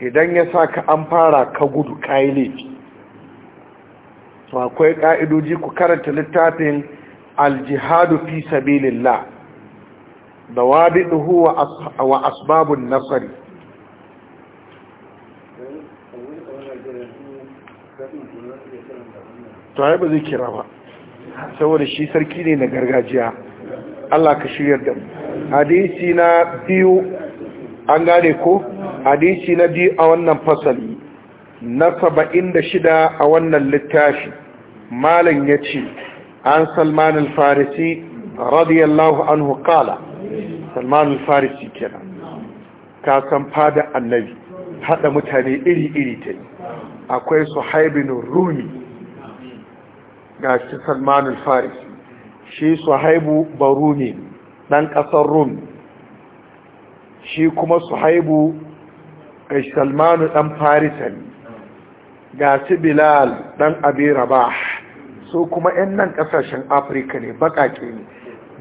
idan ya sa ka an fara ka gudu kayi laifi to akwai ƙa'idoji ku karanta littafin aljihadu fi سبيل الله wa النصر ba zai kira ba saboda shi sarki ne na gargajiya Allah ka shiryar da mu hadisi na biyu an gane ko hadisi na biyu a wannan fasali na saba'in da shida a wannan littafi malam ya ce عن سلمان الفارسي رضي الله عنه قال سلمان الفارسي كان كان فادع النبي هذا متاني إلي إلي تي أكوي صحيب الرومي قال سلمان الفارسي شي صحيب برومي ɗan ƙasar rum shi kuma suhaibu salmanu ɗan farisan ga su bilal ɗan so kuma 'yan nan kasashen afirka ne bakake ne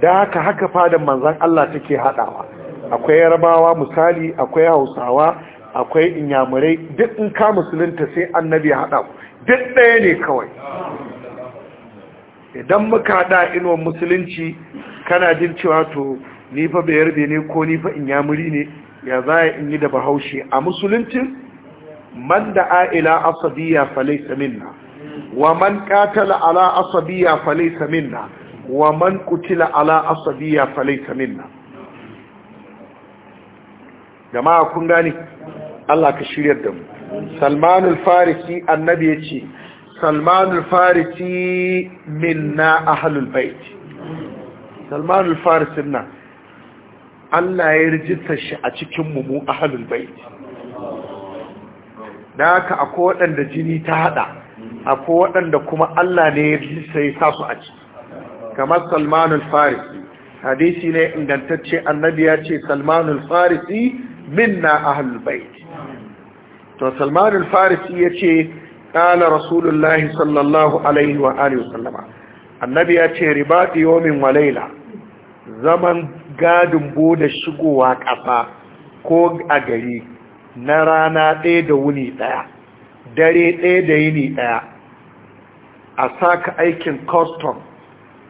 da haka haka fadin manzan Allah take haɗawa. akwai yarabawa misali akwai hausawa akwai inyamurai duk in ka musulunta sai annabi hada ku duk ɗaya ne kawai idan muka hada inuwar musulunci kana jin cewa to ni fa bayarbe ne ko ni fa inyamuri ne ya za in yi da bahaushe a musuluncin man da a'ila asabiya falaisa minna wa man qatala ala asabiya falaysa minna wa man qutila ala asabiya falaysa minna jama'a kun gane Allah ka shiryar da mu Salman al-Farisi annabi yace Salman al-Farisi minna ahlul bait Salman al-Farisi na Allah ya rijista shi a cikin mu mu ahlul bait da haka akwai waɗanda jini ta hada akwai waɗanda kuma Allah ne ya sai safu su a ciki kamar salmanul farisi hadisi ne ingantacce annabi ya ce salmanul farisi minna ahlul bai. to salmanul farisi ya ce qala rasulullahi sallallahu alaihi wa alihi wasallama annabi ya ce riba yawmin wa layla zaman gadin bude shigowa ƙasa ko a gari na rana ɗaya da wuni ɗaya dare ɗaya da yini ɗaya a saka aikin custom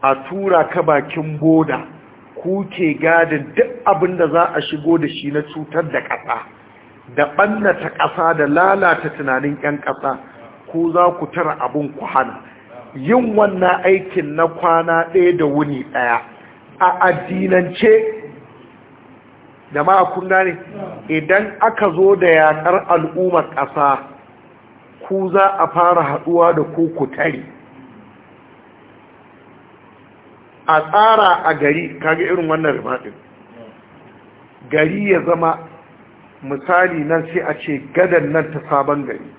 a tura ka bakin boda kuke gadin duk abin da za a shigo da shi na cutar da ƙasa da ɓannata ƙasa da lalata tunanin 'yan ƙasa ko za ku tara abin ku hana yin wannan aikin na kwana ɗaya da wuni ɗaya a addinance da ma ne. idan aka zo da yaƙar al'ummar ƙasa ku za a fara haduwa da ku ku tare a tsara a gari kaga irin wannan rimaɗin gari ya zama misali nan sai a ce gadan nan ta sabon gari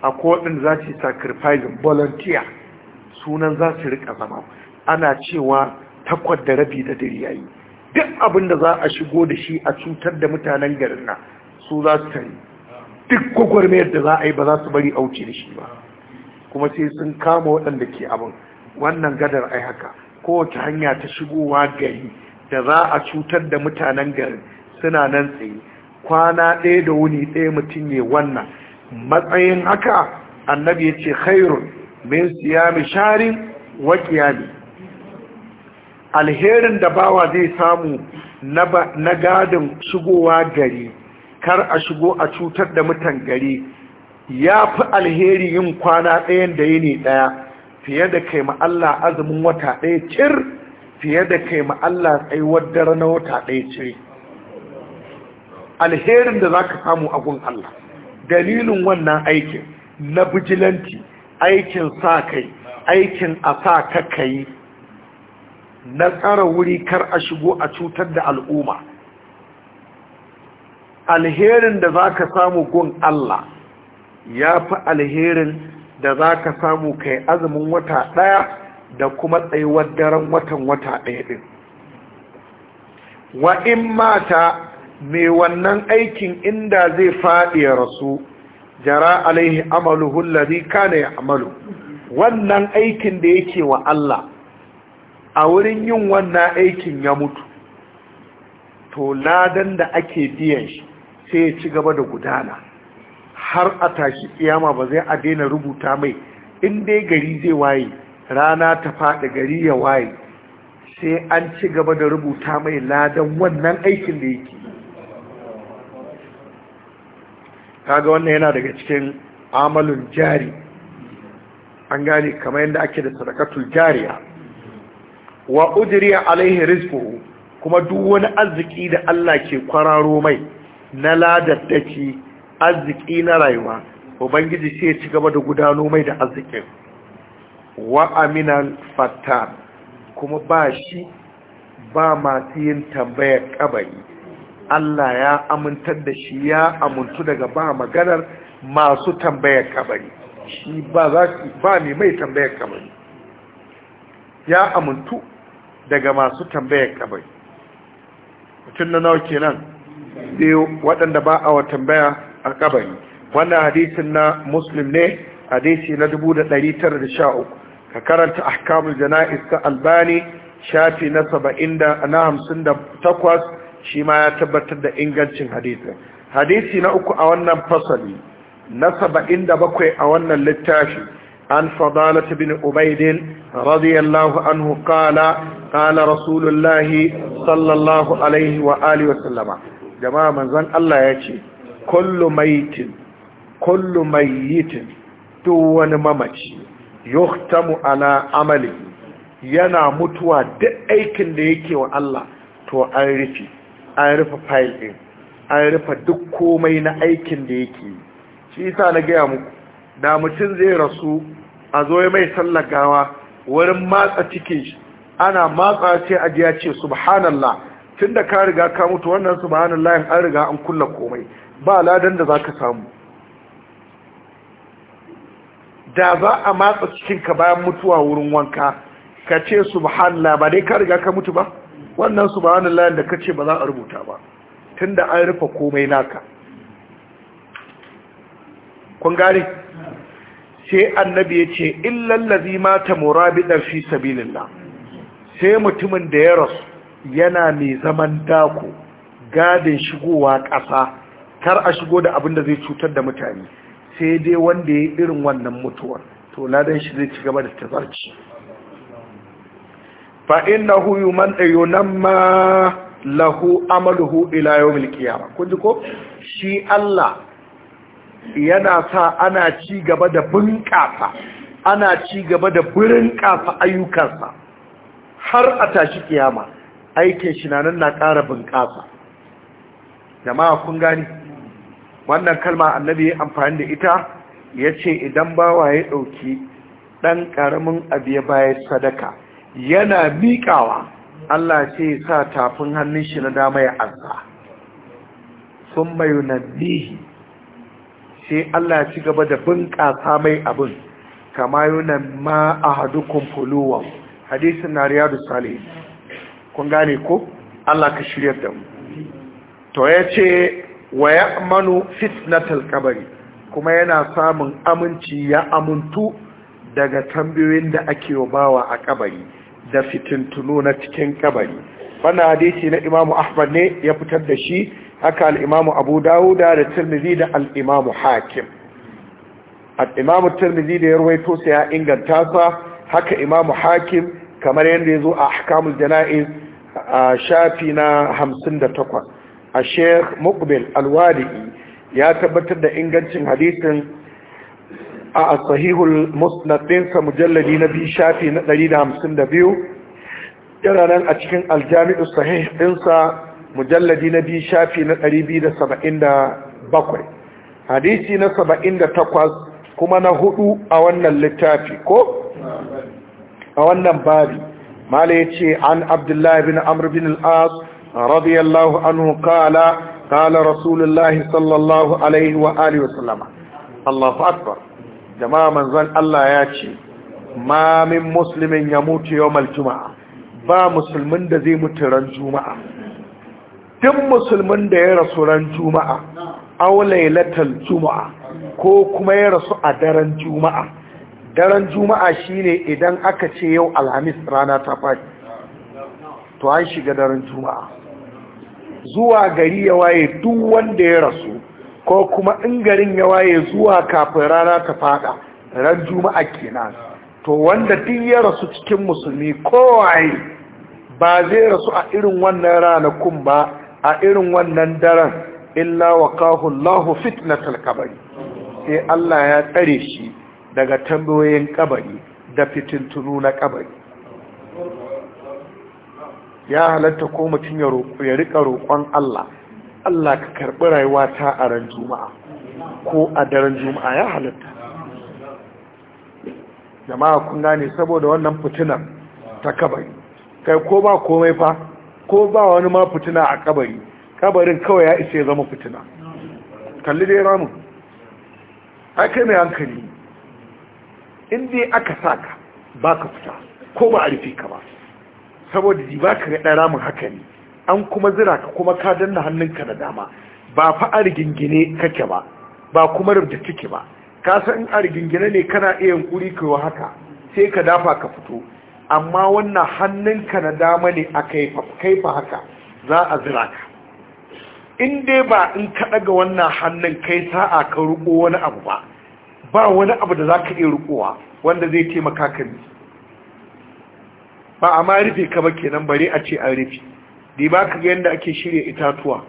a kodin za su sacrifice volunteer sunan za su rika zama ana cewa takwas da rabi da dare yayi duk abin da za a shigo da shi a cutar da mutanen garin nan su za su tare duk gwagwarmayar da za a yi ba za su bari auce da shi ba kuma sai sun kama waɗanda ke abin wannan gadar ai haka kowace hanya ta shigowa gari da za a cutar da mutanen garin suna nan tsaye kwana ɗaya da wuni ɗaya mutum ne wannan matsayin haka annabi ya ce khairun min siyami sharin waƙiyami alherin da bawa zai samu na gadin shigowa gari kar a shigo a cutar da mutan gari ya fi alheri yin kwana ɗayan da yini ɗaya fiye da kai Allah azumin wata ɗaya cir fiye da kai Allah tsayuwar dare na wata ɗaya cire. alherin da za ka samu agun Allah dalilin wannan aikin na bijilanti aikin sa kai aikin a sa ka kai na tsara wuri kar a shigo a cutar da al'umma alherin da za ka samu gun Allah ya fi alherin da za ka samu kai azumin wata ɗaya da kuma tsayuwar daren watan wata ɗaya ɗin wa'in mata mai wannan aikin inda zai faɗi ya rasu jara alaihi amalu hullari kana ya amalu wannan aikin da yake wa Allah a wurin yin wannan aikin ya mutu to ladan da ake biyan shi sai ya ci gaba da gudana har a tashi kiyama ba zai a daina rubuta mai in dai gari zai waye rana ta faɗi gari ya waye sai an ci gaba da rubuta mai ladan wannan aikin da yake kaga wannan yana daga cikin amalin jari an gane kamar yadda ake da sadakatul jariya wa ujriya alaihi rizquhu kuma duk wani arziki da Allah ke kwararo mai na ladattaki arziki na rayuwa ubangiji sai ya ci gaba da gudano mai da arzikin wa aminan fata kuma ba shi ba masu yin tambayar kabari Allah ya amintar da shi ya amintu daga ba maganar masu tambayar kabari shi ba za ba ne mai tambayar kabari ya amintu daga masu tambayar kabari mutum na nawa kenan biyu waɗanda ba a wa tambaya a kabari wannan hadisin na muslim ne hadisi na 1913 ka karanta ahkamul jana'iz ta albani shafi na 70 na 58 shi ma ya tabbatar da ingancin hadisin hadisi na uku a wannan fasali na 77 a wannan littafi عن فضالة بن عبيد رضي الله عنه قال قال رسول الله صلى الله عليه وآله وسلم jama'a manzon Allah ya ce kullu maitin kullu mayitin duk wani mamaci yuhtamu ala amali yana mutuwa duk aikin da yake wa Allah to an rufe an rufe file din an rufe duk komai na aikin da yake shi yasa na gaya muku da mutum zai rasu a zo mai sallar gawa wurin matsa cikin shi ana matsa ce a ce subhanallah tun da ka riga ka mutu wannan su layin an riga an kulla komai ba ladan da za ka samu da za a matsa cikin ka bayan mutuwa wurin wanka ka ce subhanallah ba dai ka riga ka mutu ba wannan su layin da ka ce ba za a rubuta ba tunda an rufe komai naka kun gane sai annabi ya ce illallazi mata murabidan fi sabilillah sai mutumin da ya rasu yana mai zaman dako gadin shigowa ƙasa kar a shigo da abin da zai cutar da mutane sai dai wanda ya irin wannan mutuwar to ladan shi zai ci gaba da tazarci fa innahu yuman ma lahu amaluhu ila yawmil qiyamah kun ji ko shi Allah yana sa ana ci gaba da bunƙasa ana ci gaba da birin ƙasa ayyukansa har a tashi kiyama aikin shi na nan na ƙara bunƙasa jama'a kun gani wannan kalma annabi ya amfani da ita ya ce idan bawa ya ɗauki ɗan ƙaramin abu ya baya sadaka yana miƙawa Allah ce ya sa tafin hannun shi na dama ya arza. sun mayu na nihi sai Allah ci gaba da bunƙasa mai abin kama yi ma a hadukun fuluwa hadisun na riyadu salihin kun gane ko Allah ka shiryar da mu to ya ce wa ya manu fitnatal kabari kuma yana samun aminci ya amintu daga tambayoyin da ake bawa a kabari da fitintuno na cikin kabari wannan hadisi na imamu ahmad ne ya fitar da shi haka al'imamu abu dawuda da tirmidhi da al'imamu hakim al'imamu tirmidhi da ya ruwaito sai ya inganta sa haka imamu hakim kamar yadda ya zo a ahkamul jana'iz a shafi na 58 a sheikh mukbil alwadi ya tabbatar da ingancin hadisin a sahihul musnadinsa mujalladi na biyu shafi na 152 yana nan a cikin aljami'u sahih dinsa mujalladi na biyu shafi na 277 hadisi na 78 kuma na hudu a wannan littafi ko a wannan babi mala ya ce an abdullahi bin amr bin al'as radiyallahu anhu kala kala rasulullahi sallallahu alaihi wa alihi wa sallama allahu akbar jama'a manzan allah ya ce ma min ya mutu yau juma'a ba musulmin da zai mutu ran juma'a duk musulmin da ya rasu ran juma'a aulailatar juma'a ko kuma ya rasu a daren juma'a daren juma'a shine idan aka ce yau alhamis rana ta faɗi to an shiga daren juma'a zuwa gari ya waye duk wanda ya rasu ko kuma in garin ya waye zuwa kafin rana ta faɗa ran juma'a kenan to wanda duk ya rasu cikin musulmi kowaye ba zai rasu a irin wannan ranakun ba a irin wannan daren illa wa allahu fitnatul kabari sai Allah ya tsare shi daga tambayoyin kabari da fitintunu na kabari ya halatta ko mutum ya rika roƙon Allah Allah ka karɓi rayuwa ta a ran juma'a ko a daren juma'a ya halatta jama'a kun gane saboda wannan fitinan ta kabari kai ko ba komai fa ko ba wani ma fitina a kabari kabarin kawai ya ishe zama fitina kalli dai ramu ai kai mai hankali in dai aka saka ba ka fita ko ba a rufe ka ba saboda ba ka ga ɗara mun haka ne an kuma zira ka kuma ka danna hannunka na dama ba fa a rigingine kake ba ba kuma rubda ciki ba ka san in a rigingine ne kana iya yunkuri ka yi haka sai ka dafa ka fito amma wannan hannunka na dama ne a kaifa haka za a zira ka in dai ba in ka ɗaga wannan hannun kai sa'a ka ruko wani abu ba ba wani abu da za ka iya rukowa wanda zai taimaka ka ne ba a ma rufe ka ba kenan bare a ce a rufe da ba ka yadda ake shirya itatuwa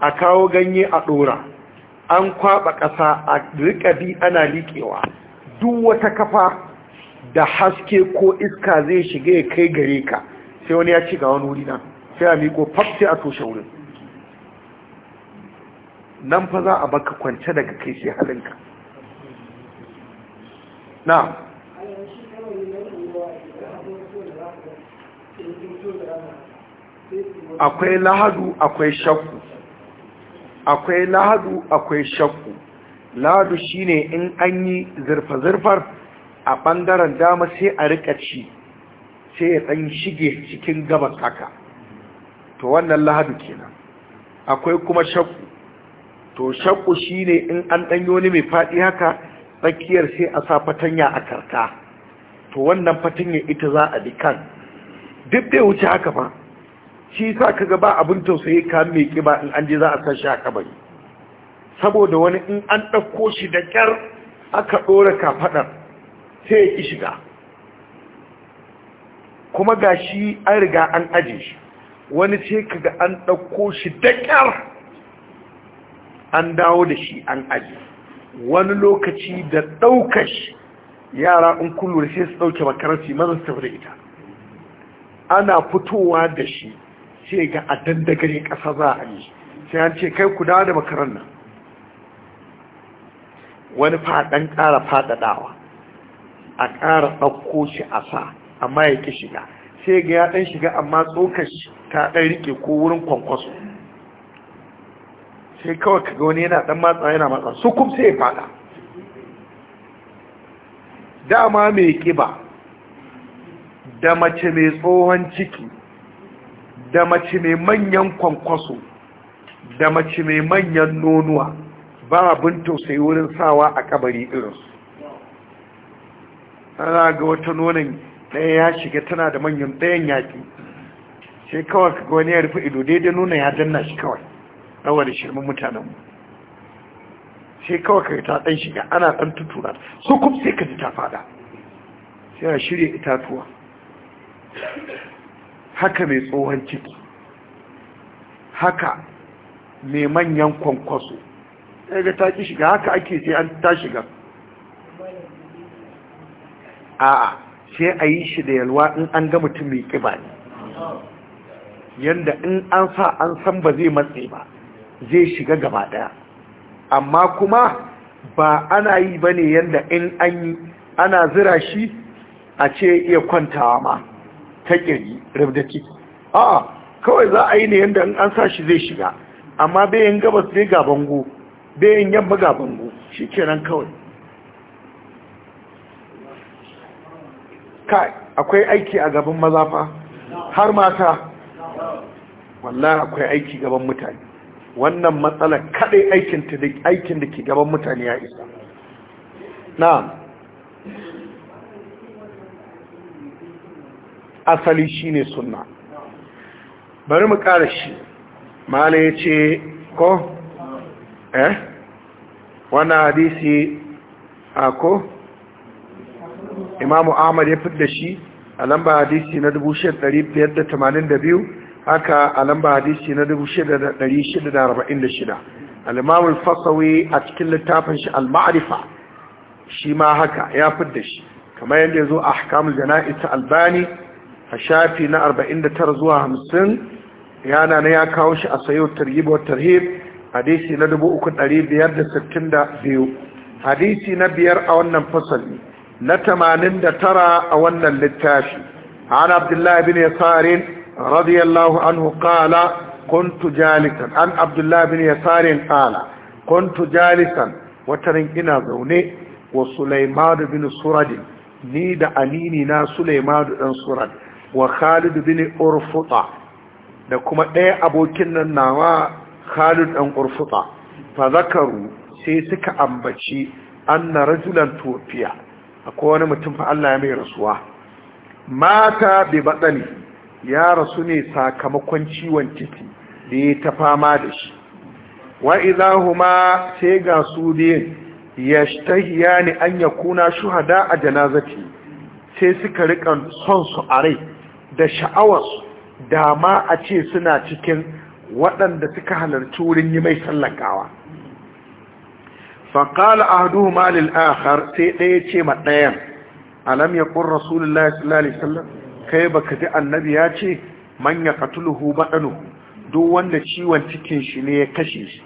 a kawo ganye a ɗora an kwaɓa ƙasa a rikadi ana liƙewa duk wata kafa da haske ko iska zai shiga ya kai gare ka sai wani ya ci ga wani wuri nan sai a miko fab sai a toshe wurin nan fa za a baka kwance daga kai sai halinka Na, akwai lahadu akwai shakku akwai lahadu akwai shakku lahadu shine in an yi zurfa-zurfar a ɓangaren dama sai a rika ci sai ya ɗan shige cikin gabas haka to wannan lahadu kenan akwai kuma shakku to shakku shine in an ɗanyo ne mai faɗi haka tsakiyar sai a sa fatanya a karka to wannan fatanya ita za a bi duk da wuce haka ba shi sa ka ga ba abin tausayi ka mai kiba in an je za a san shi a kabari saboda wani in an ɗauko shi da kyar aka ɗora kafaɗar sai ya ƙi shiga kuma ga shi an riga an aje shi wani sai ka ga an ɗauko shi da kyar an dawo da shi an aje wani lokaci da ɗaukar yara in kullum sai su ɗauke makaranci maza su da ita ana fitowa da shi sai ga a dandagarin ƙasa za a yi sai an ce kai ku da makaran nan wani faɗan ƙara faɗaɗawa a ƙara ɗauko shi a sa amma ya ƙi shiga sai ga ya ɗan shiga amma tsokar ta ɗan riƙe ko wurin kwankwaso sai kawai ka wani yana dan matsa yana matsa su kuma sai ya fada dama mai kiba da mace mai tsohon ciki da mace mai manyan kwankwaso da mace mai manyan nonuwa ba abin tausayi wurin sawa a kabari irinsu tana ga wata nonin ɗaya ya shiga tana da manyan ɗayan yaƙi sai kawai ka wani ya rufe ido daidai nuna ya danna shi kawai rawa da shirmin mutanenmu sai kawai ka ta ɗan shiga ana ɗan tutura su kuma sai ka ji ta fada sai a shirya itatuwa haka mai tsohon ciki haka mai manyan kwankwaso ga ta ki shiga haka ake sai an ta shiga a'a sai a yi shi da yalwa in an ga mutum mai ƙiba ne yadda in an sa an san ba zai matse ba zai shiga gaba daya amma kuma ba ana yi ba ne yadda in an yi ana zira shi a ce iya kwantawa ma ta kiri rabdaki a'a kawai za a yi ne yadda in an sa shi zai shiga amma bayan gabas zai gabango, bayan yamma gabango, shi kenan kawai kai akwai aiki a gaban mazafa har mata wallah akwai aiki gaban mutane wannan matsalar kaɗai aikin da ke gaban mutane ya isa na asali shi ne sunna bari mu ƙara shi mala ya ce ko eh wannan hadisi a ko imamu ahmad ya fi da shi a lamba hadisi na 1582 haka a lamba hadisi na 6646 al-imamul fasawi a cikin littafin shi al-ma'rifa shi ma haka ya fidda shi kamar yadda yazo ahkamul jana'iz ta albani a shafi na 49 zuwa 50 yana na ya kawo shi a sayo tarhib tarhib hadisi na 3562 hadisi na biyar a wannan fasali na 89 a wannan littafi عن عبد الله بن يسار رضي الله kala قال كنت جالسا عن عبد الله بن يسار قال كنت جالسا وترين إنا زوني وسليمان بن سرد نيد أنيني نا سليمان بن سرد وخالد بن أرفطة da kuma ɗaya abokin nan nawa Khalid ɗan Urfuta fa zakaru sai suka ambaci anna rajulan tufiya akwai wani mutum fa Allah ya mai rasuwa mata bi batsali ya rasu ne sakamakon ciwon ciki da ya ta fama da shi wa huma sai ga su biyun shtahiya ne an kuna shuhada a janazati sai suka rika son su a rai da sha'awarsu dama a ce suna cikin waɗanda suka halarci wurin yi mai sallakawa faƙala ahaduhuma lil har sai ɗaya ce ma ɗayan alam ya rasulullahi sallallahu alaihi wasallam kai baka ji annabi ya ce man ya qatluhu badanuhu duk wanda ciwon cikin shi ne ya kashe shi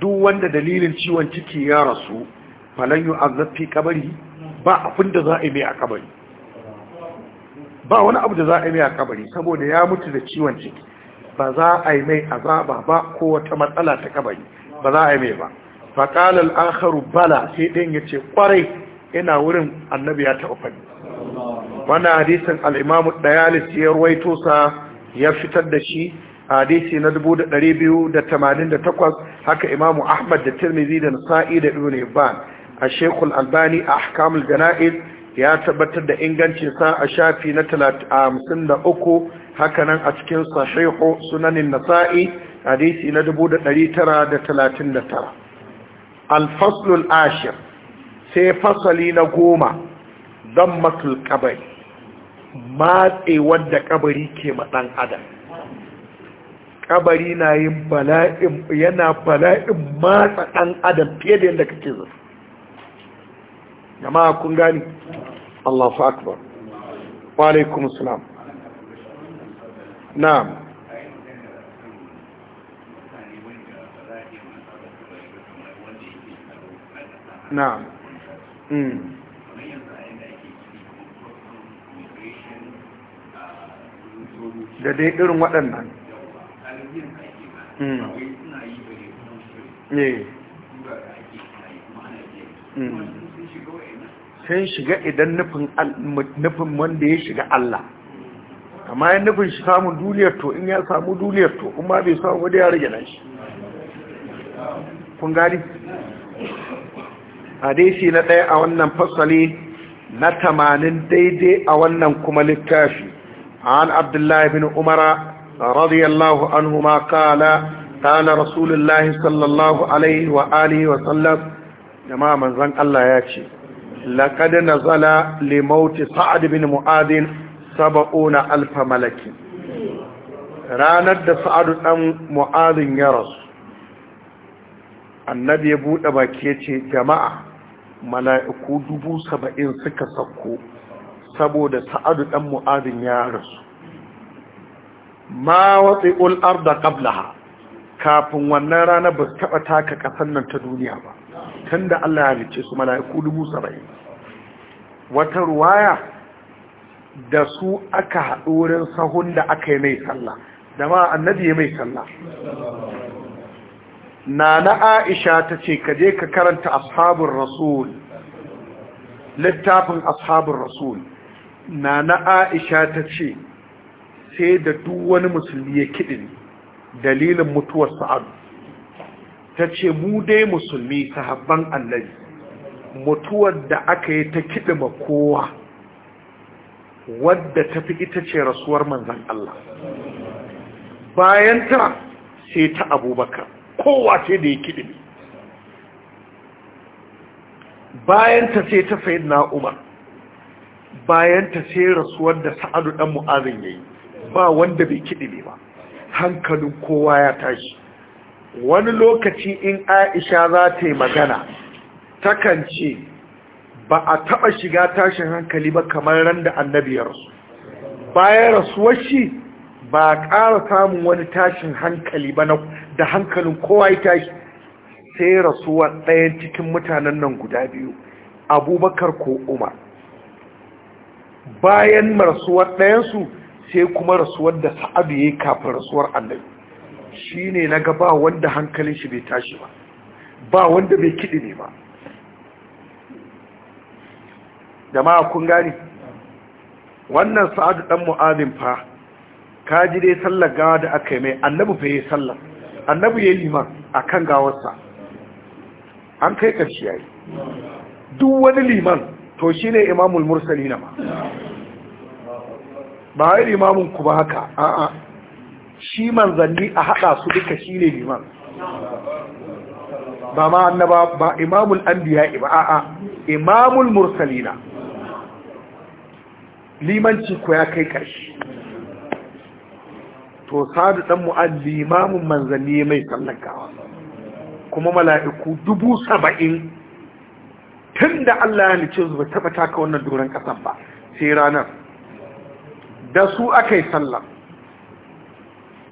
duk wanda dalilin ciwon ciki ya rasu falan yu'azzab kabari ba abin da za a yi mai a kabari ba wani abu da za a yi mai a kabari saboda ya mutu da ciwon ciki ba za a yi mai azaba ba ko wata matsala ta kabari ba za a yi mai ba faƙalar akharu bala sai ɗin ya ce ƙwarai yana wurin annabi ya taɓa fani wannan hadisin al'imamu Dayalis, ya ruwaito sa ya fitar da shi hadisi na 288 haka imamu ahmad da tirmizi da nasa'i da ibn hibban a shekul albani a ahkamul jana'iz ya tabbatar da ingancin sa a shafi na 53 haka nan a cikin sahihu sunanin nasa'i hadisi na 939 alfaslul ashir sai fasali na goma don matul kabari matse wanda kabari ke matsan adam kabari na yin bala'in yana bala'in matsa ɗan adam fiye da yadda kake zuwa jama'a kun gani allahu akbar wa alaikum salam na'am na'am mm. da dai irin waɗannan hmm. eh. hmm. sun shiga idan nufin wanda ya shiga Allah amma ya nufin shi samun duniyar to in ya samu duniyar to kuma bai samu wadda ya rage nashi kun gani hadisi na ɗaya a wannan fasali na tamanin daidai a wannan kuma littafi عن عبد الله بن عمر رضي الله عنهما قال قال رسول الله صلى الله عليه وآله وسلم جماعة من زن الله يكشي لقد نزل لموت سعد بن معاذ سبعون ألف ملك ranar da sa'adu ɗan mu'azin ya rasu annabi ya buɗe baki ce jama'a mala'iku dubu saba'in suka sauko saboda sa'adu ɗan mu'adin ya rasu ma watsi ul'ar da ƙablaha kafin wannan rana ba su taɓa taka ƙasar nan ta duniya ba tun da Allah ya halice su mala'iku dubu saba'in wata ruwaya da su aka haɗo wurin sahun da aka yi mai sallah da ma annabi ya mai sallah na na aisha ta ce ka je ka karanta ashabin rasul littafin ashabin rasul na na aisha ta ce sai da duk wani musulmi ya kiɗin dalilin mutuwar sa'adu ta ce mu dai musulmi sahabban annabi mutuwar da aka yi ta kiɗima kowa wadda ta fi ita ce rasuwar manzan Allah bayan ta sai ta abubakar kowa sai da ya kiɗi bayan ta sai ta sayi na umar bayan ta sai rasuwar da sa'adu ɗan mu'azin ya yi ba wanda bai kiɗi ba hankalin kowa ya tashi wani lokaci in aisha za ta yi magana takan ce ba a taɓa shiga tashin hankali ba kamar ran da annabi ya rasu. bayan rasuwar shi ba a ƙara samun wani tashin hankali ba da hankalin kowa ya tashi sai rasuwar ɗayan cikin mutanen nan guda biyu abubakar ko umar bayan rasuwar ɗayansu sai kuma rasuwar da sa'adu ya yi kafin rasuwar annabi shi ne na gaba wanda hankalin shi bai tashi ba ba wanda bai kiɗi ne ba jama'a kun gani wannan sa'adu ɗan mu'adin fa ka ji dai sallar gawa da aka yi mai annabi fa yi sallar annabi ya yi liman a kan gawarsa an kai ƙarshe ya yi duk wani liman to shi ne imamul mursali na ba ba yi imamun ku ba haka a'a shi manzanni a haɗa su duka shi ne liman ba ma annaba ba imamul anbiya ba a'a imamul mursalina limanci ku ya kai ƙarshe to sadu dan mu'ad imamun manzanni mai sallakawa kuma mala'iku dubu saba'in tun da Allah ya halice su ba taka wannan doron ƙasan ba sai ranar da su aka yi sallah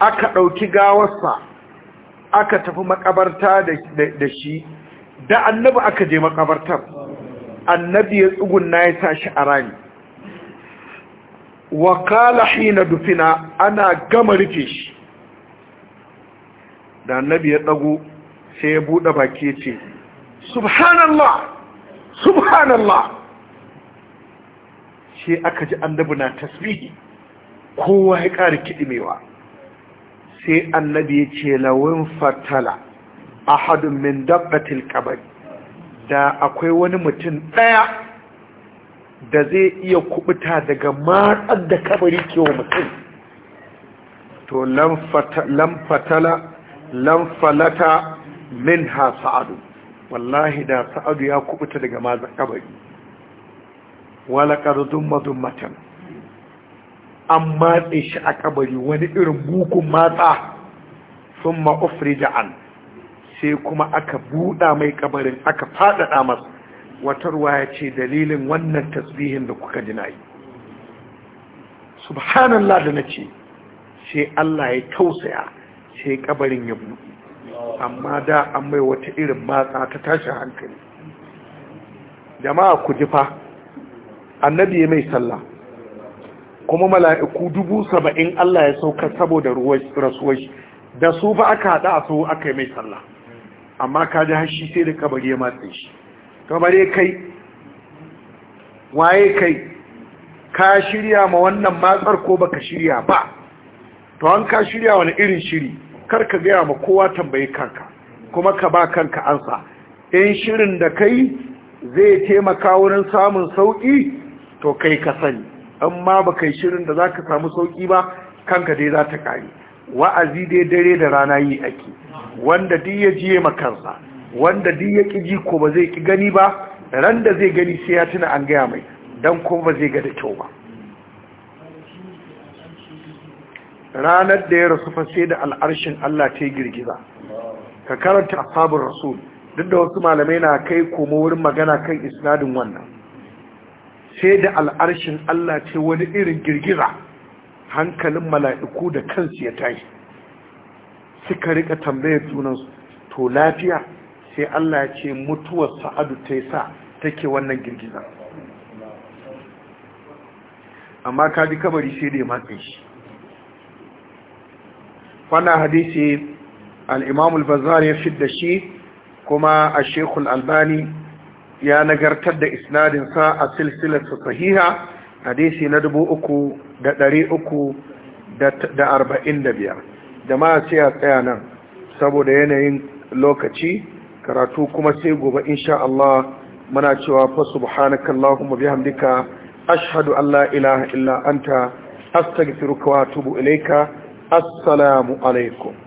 aka ɗauki gawarsa aka tafi makabarta da shi da annabi aka je makabartar annabi ya na ya tashi a rami wa kala hina dufina ana gama rufe shi da annabi ya ɗago sai ya buɗe baki ce subhanallah subhanallah shi aka ji annabi na tasbihi kowa ya ƙara kiɗimewa sai annabi ya ce lawin fatala ahadun min dabbatil kabari da akwai wani mutum ɗaya da zai iya kubuta daga matsar da kabari kewa mutum to lamfatala lamfalata min ha sa'adu wallahi da sa'adu ya kubuta daga mazan kabari wala ƙarzun mazummatan an matse shi a kabari wani irin bukun matsa sun ma'ufri an sai kuma aka buɗa mai kabarin aka faɗaɗa masa watarwa ya ce dalilin wannan tasbihin da kuka jina yi subhanallah da na ce sai Allah ya tausaya sai kabarin ya buɗe amma da an mai wata irin matsa ta tashi hankali jama'a ku ji annabi ya mai sallah kuma mala'iku dubu saba'in Allah ya sauka saboda rasuwar shi da su ba aka haɗa a sau aka yi mai sallah amma ka ji hashi sai da kabari ya matsa shi kabari kai waye kai ka shirya ma wannan matsar ko baka shirya ba to an ka shirya wani irin shiri kar ka gaya ma kowa tambayi kanka kuma ka ba kanka ansa in shirin da kai zai taimaka wurin samun sauƙi to kai ka sani amma ba kai shirin da za ka samu sauƙi ba kanka dai za ta ƙari wa'azi dai dare da rana yi ake wanda duk ya jiye makansa wanda duk ya ƙi ji ko ba zai ƙi gani ba ran da zai gani sai ya tuna an gaya mai don kuma ba zai ga da kyau ba ranar da ya rasu fa da al'arshin Allah ta yi girgiza ka karanta sabon rasul duk da wasu malamai na kai komo wurin magana kan isnadin wannan sai da al'arshin Allah ce wani irin girgiza hankalin mala'iku da kansu ya tashi suka rika tambayar junansu to lafiya sai Allah ya ce mutuwar sa'adu ta yi sa take wannan girgiza amma kaji kabari sai da ya matse shi wannan hadisi al-imam ya bazzar da shi kuma a shekul albani ya nagartar da isnadinsa a silsilarsa sahiha hadisi na uku da ma sai a tsaya nan saboda yanayin lokaci karatu kuma sai gobe insha Allah muna cewa fa subhanaka allahumma bihamdika ashhadu an la ilaha illa anta astaghfiruka wa atubu ilayka السلام عليكم